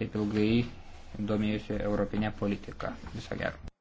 taip ilgai domėjusi europinė politika. Viso gero.